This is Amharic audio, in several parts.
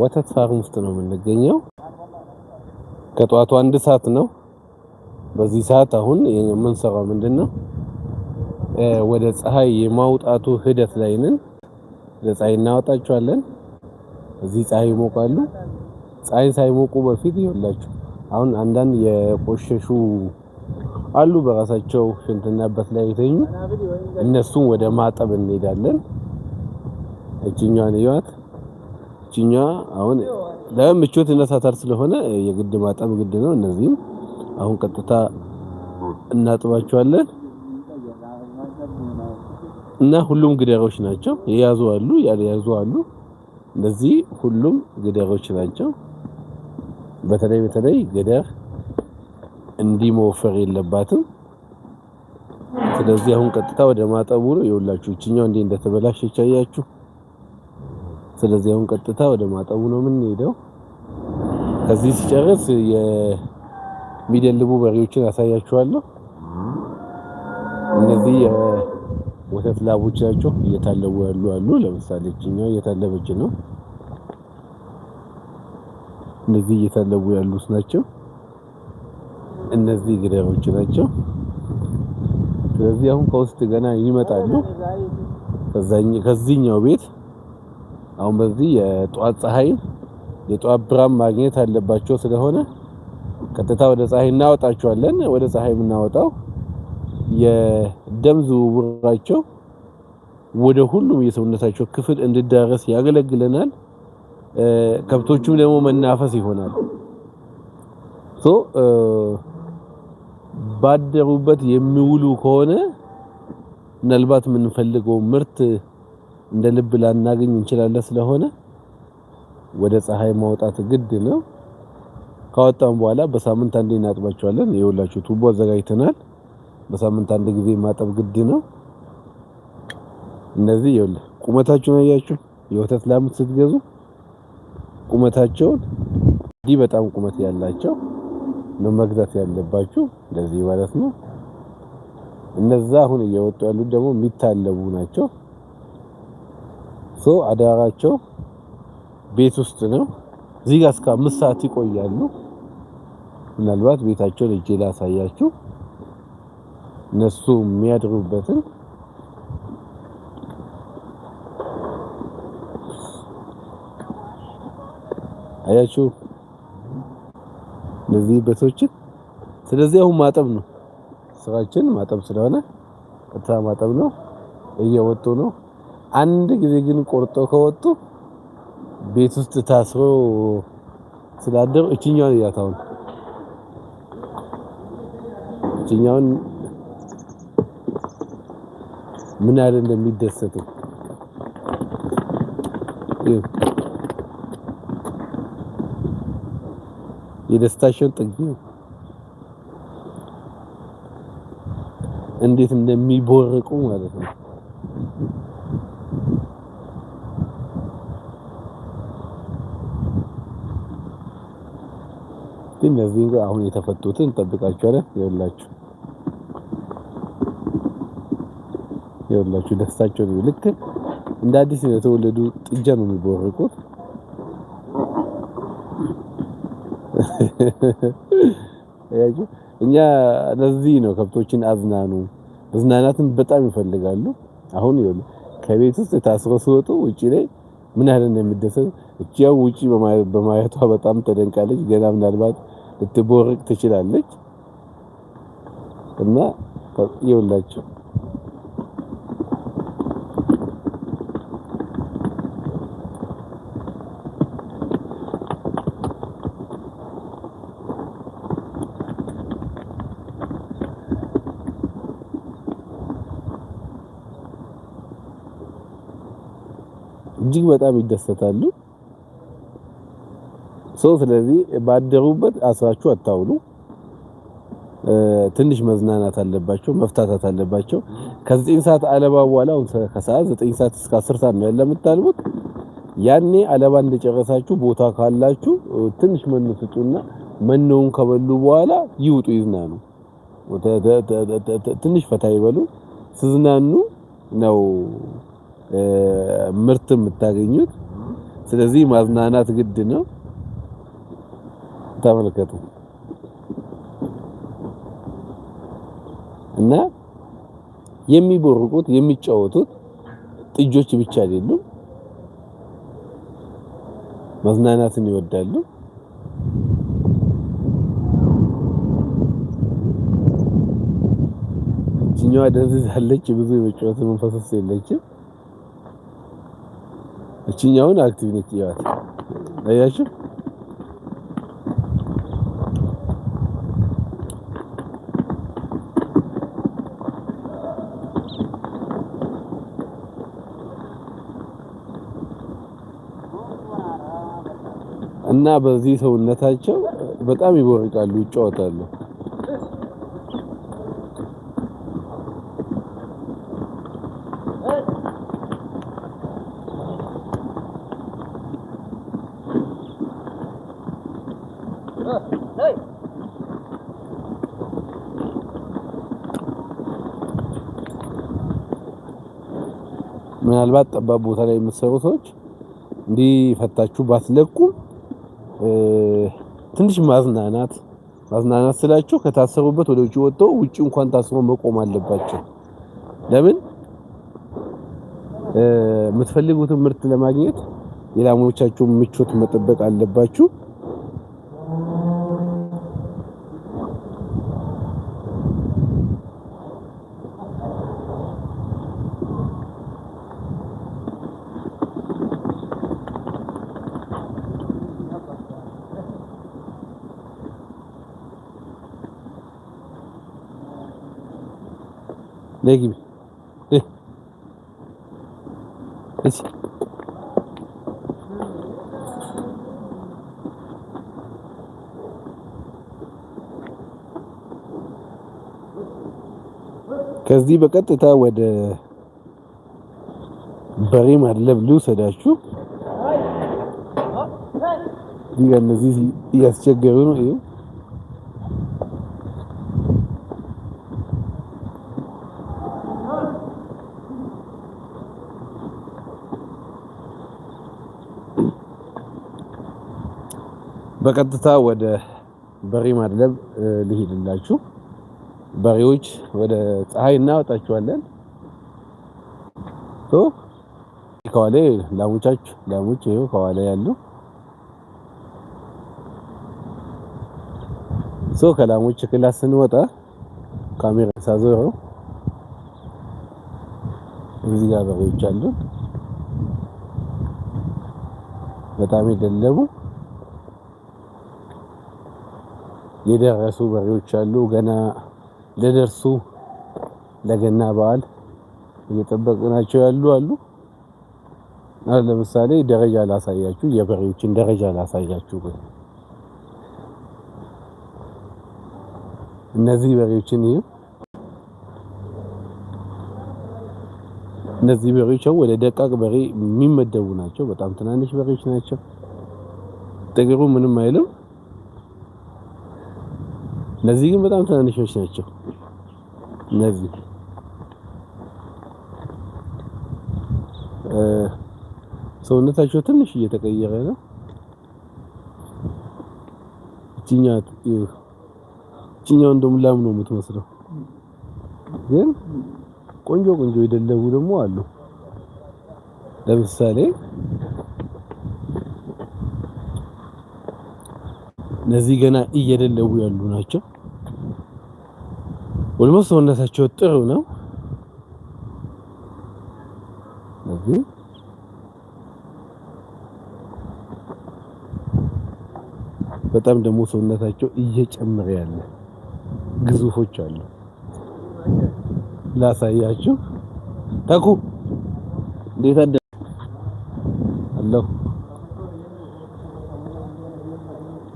ወተት ፋርም ውስጥ ነው የምንገኘው። ከጠዋቱ አንድ ሰዓት ነው። በዚህ ሰዓት አሁን የምንሰራው ምንድን ነው? ወደ ፀሐይ የማውጣቱ ሂደት ላይ ነን። ለፀሐይ እናወጣቸዋለን። እዚህ ፀሐይ ይሞቃሉ። ፀሐይ ሳይሞቁ በፊት ይወላችሁ። አሁን አንዳንድ የቆሸሹ አሉ በራሳቸው ሽንትና በት ላይ የተኙ እነሱን ወደ ማጠብ እንሄዳለን። እችኛዋን እዩዋት። እችኛ አሁን እና እነሳታር ስለሆነ የግድ ማጠብ ግድ ነው። እነዚህም አሁን ቀጥታ እናጥባቸዋለን እና ሁሉም ግደሮች ናቸው። የያዙ አሉ፣ ያልያዙ አሉ። እነዚህ ሁሉም ግዳሮች ናቸው። በተለይ በተለይ ግዳር እንዲህ መወፈር የለባትም። ስለዚህ አሁን ቀጥታ ወደ ማጠቡ ነው። ይኸውላችሁ እችኛው እንዴ እንደተበላሸች አያችሁ። ስለዚህ አሁን ቀጥታ ወደ ማጠቡ ነው የምንሄደው። ከዚህ ሲጨርስ የሚደልቡ በሬዎችን አሳያችኋለሁ። እነዚህ የወተት ላቦች ናቸው፣ እየታለቡ ያሉ አሉ። ለምሳሌ እችኛው እየታለበች ነው። እነዚህ እየታለቡ ያሉት ናቸው። እነዚህ ግደሮች ናቸው። ስለዚህ አሁን ከውስጥ ገና ይመጣሉ ከዛኝ ከዚህኛው ቤት አሁን በዚህ የጧት ፀሐይ የጧት ብራም ማግኘት አለባቸው። ስለሆነ ቀጥታ ወደ ፀሐይ እናወጣቸዋለን። ወደ ፀሐይ የምናወጣው የደም ዝውውራቸው ወደ ሁሉም የሰውነታቸው ክፍል እንዲዳረስ ያገለግለናል። ከብቶቹም ደግሞ መናፈስ ይሆናል። ሶ ባደሩበት የሚውሉ ከሆነ ምናልባት የምንፈልገው ምርት እንደ ልብ ላናገኝ እንችላለን። ስለሆነ ወደ ፀሐይ ማውጣት ግድ ነው። ካወጣን በኋላ በሳምንት አንዴ እናጥባቸዋለን። ይኸውላችሁ ቱቦ አዘጋጅተናል። በሳምንት አንድ ጊዜ ማጠብ ግድ ነው። እነዚህ ይኸውልህ ቁመታቸውን አያችሁ። የወተት ላምት ስትገዙ ቁመታቸውን እንዲህ በጣም ቁመት ያላቸው ነው መግዛት ያለባችሁ። እንደዚህ ማለት ነው። እነዛ አሁን እየወጡ ያሉት ደግሞ የሚታለቡ ናቸው። ሶ አዳራቸው ቤት ውስጥ ነው። እዚህ ጋር እስከ አምስት ሰዓት ይቆያሉ። ምናልባት ቤታቸውን እጄ ላሳያችሁ እነሱ የሚያድሩበትን አያችሁ እነዚህ ቤቶችን። ስለዚህ አሁን ማጠብ ነው ስራችን፣ ማጠብ ስለሆነ ቀጥታ ማጠብ ነው። እየወጡ ነው አንድ ጊዜ ግን ቆርጦ ከወጡ ቤት ውስጥ ታስሮ ስላደረ እችኛውን እያታውን እችኛውን ምን ያህል እንደሚደሰቱ የደስታቸውን ጥግ እንዴት እንደሚቦርቁ ማለት ነው። ግን እነዚህ አሁን የተፈቱትን እንጠብቃቸዋለን። ይኸውላችሁ ይኸውላችሁ ደስታቸው ነው። ልክ እንደ አዲስ የተወለዱ ጥጃ ነው የሚቦርቁት። እኛ ለዚህ ነው ከብቶችን አዝናኑ። መዝናናትን በጣም ይፈልጋሉ። አሁን ከቤት ውስጥ ታስሮ ሲወጡ ውጪ ላይ ምን ያህል እንደሚደሰት እቺያው ውጪ በማየቷ በጣም ተደንቃለች። ገና ምናልባት ልትቦርቅ ትችላለች እና ይኸውላችሁ እጅግ በጣም ይደሰታሉ። ሰው ስለዚህ ባደሩበት አስራችሁ አታውሉ። ትንሽ መዝናናት አለባቸው፣ መፍታታት አለባቸው። ከዘጠኝ ሰዓት አለባ በኋላ አሁን ከሰዓት ዘጠኝ ሰዓት እስከ አስር ሰዓት ነው ለምታልቡት። የምታልቡት። ያኔ አለባ እንደጨረሳችሁ ቦታ ካላችሁ ትንሽ መኖ ስጡና መኖውን ከበሉ በኋላ ይውጡ፣ ይዝናኑ፣ ትንሽ ፈታ ይበሉ። ስዝናኑ ነው ምርት የምታገኙት። ስለዚህ ማዝናናት ግድ ነው። ተመልከቱ እና የሚቦርቁት የሚጫወቱት ጥጆች ብቻ አይደሉም። መዝናናትን ይወዳሉ። እኛዋ ደንዝዛለች፣ ብዙ የመጫወት መንፈስ የለችም። እችኛውን አክቲቭ ያት አያችሁ። እና በዚህ ሰውነታቸው በጣም ይቦርቃሉ፣ ይጫወታሉ። ምናልባት ጠባብ ቦታ ላይ የምትሰሩ ሰዎች እንዲህ ፈታችሁ ባትለቁ ትንሽ ማዝናናት ማዝናናት ስላቸው ከታሰሩበት ወደ ውጭ ወጥተው ውጭ እንኳን ታስሮ መቆም አለባቸው። ለምን የምትፈልጉትን ምርት ለማግኘት የላሞቻችሁን ምቾት መጠበቅ አለባችሁ። ደግሜ ከዚህ በቀጥታ ወደ በሬ ማድለብ ልውሰዳችሁ። እነዚህ እያስቸገሩ ነው። በቀጥታ ወደ በሬ ማድለብ ልሄድላችሁ። በሬዎች ወደ ፀሐይ እናወጣችኋለን። ቶ ከኋላ ላሞቻች ላሞች ይኸው ከኋላ ያሉ ሶ ከላሞች ክላስ ስንወጣ ካሜራ ሳዞረው እዚህ ጋር በሬዎች አሉ በጣም የደለቡ የደረሱ በሬዎች አሉ። ገና ለደርሱ ለገና በዓል እየጠበቁ ናቸው ያሉ አሉ። ለምሳሌ ደረጃ ላሳያችሁ፣ የበሬዎችን ደረጃ ላሳያችሁ። እነዚህ በሬዎችን ይሄ እነዚህ በሬዎች ወደ ደቃቅ በሬ የሚመደቡ ናቸው። በጣም ትናንሽ በሬዎች ናቸው። ጥግሩ ምንም አይልም። እነዚህ ግን በጣም ትናንሾች ናቸው። እነዚህ ሰውነታቸው ትንሽ እየተቀየረ ነው። እችኛት እችኛው እንደውም ላም ነው የምትመስለው፣ ግን ቆንጆ ቆንጆ የደለቡ ደግሞ አሉ። ለምሳሌ እነዚህ ገና እየደለቡ ያሉ ናቸው። ወልሞስ ሰውነታቸው ጥሩ ነው። እዚህ በጣም ደግሞ ሰውነታቸው እየጨመረ ያለ ግዙፎች አሉ። ላሳያችሁ። ተኩ እንዴት አለ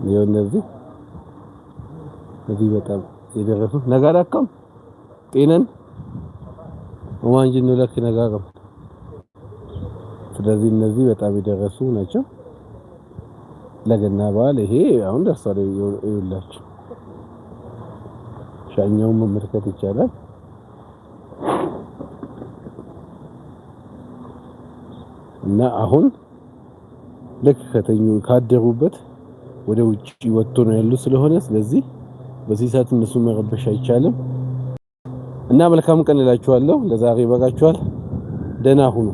እንደዚህ እዚህ በጣም የደረሱ ጤነን ዋንጅ ንለክ ስለዚህ እነዚህ በጣም የደረሱ ናቸው። ለገና በዓል ይሄ አሁን ደርሷል። ሻኛውን መመልከት ይቻላል። እና አሁን ልክ ከተኙ ካደሩበት ወደ ውጭ ወጥቶ ነው ያሉት ስለሆነ ስለዚህ በዚህ ሰዓት እነሱ መረበሽ አይቻልም እና መልካም ቀን እላችኋለሁ። ለዛሬ ይበቃችኋል። ደህና ሁኑ።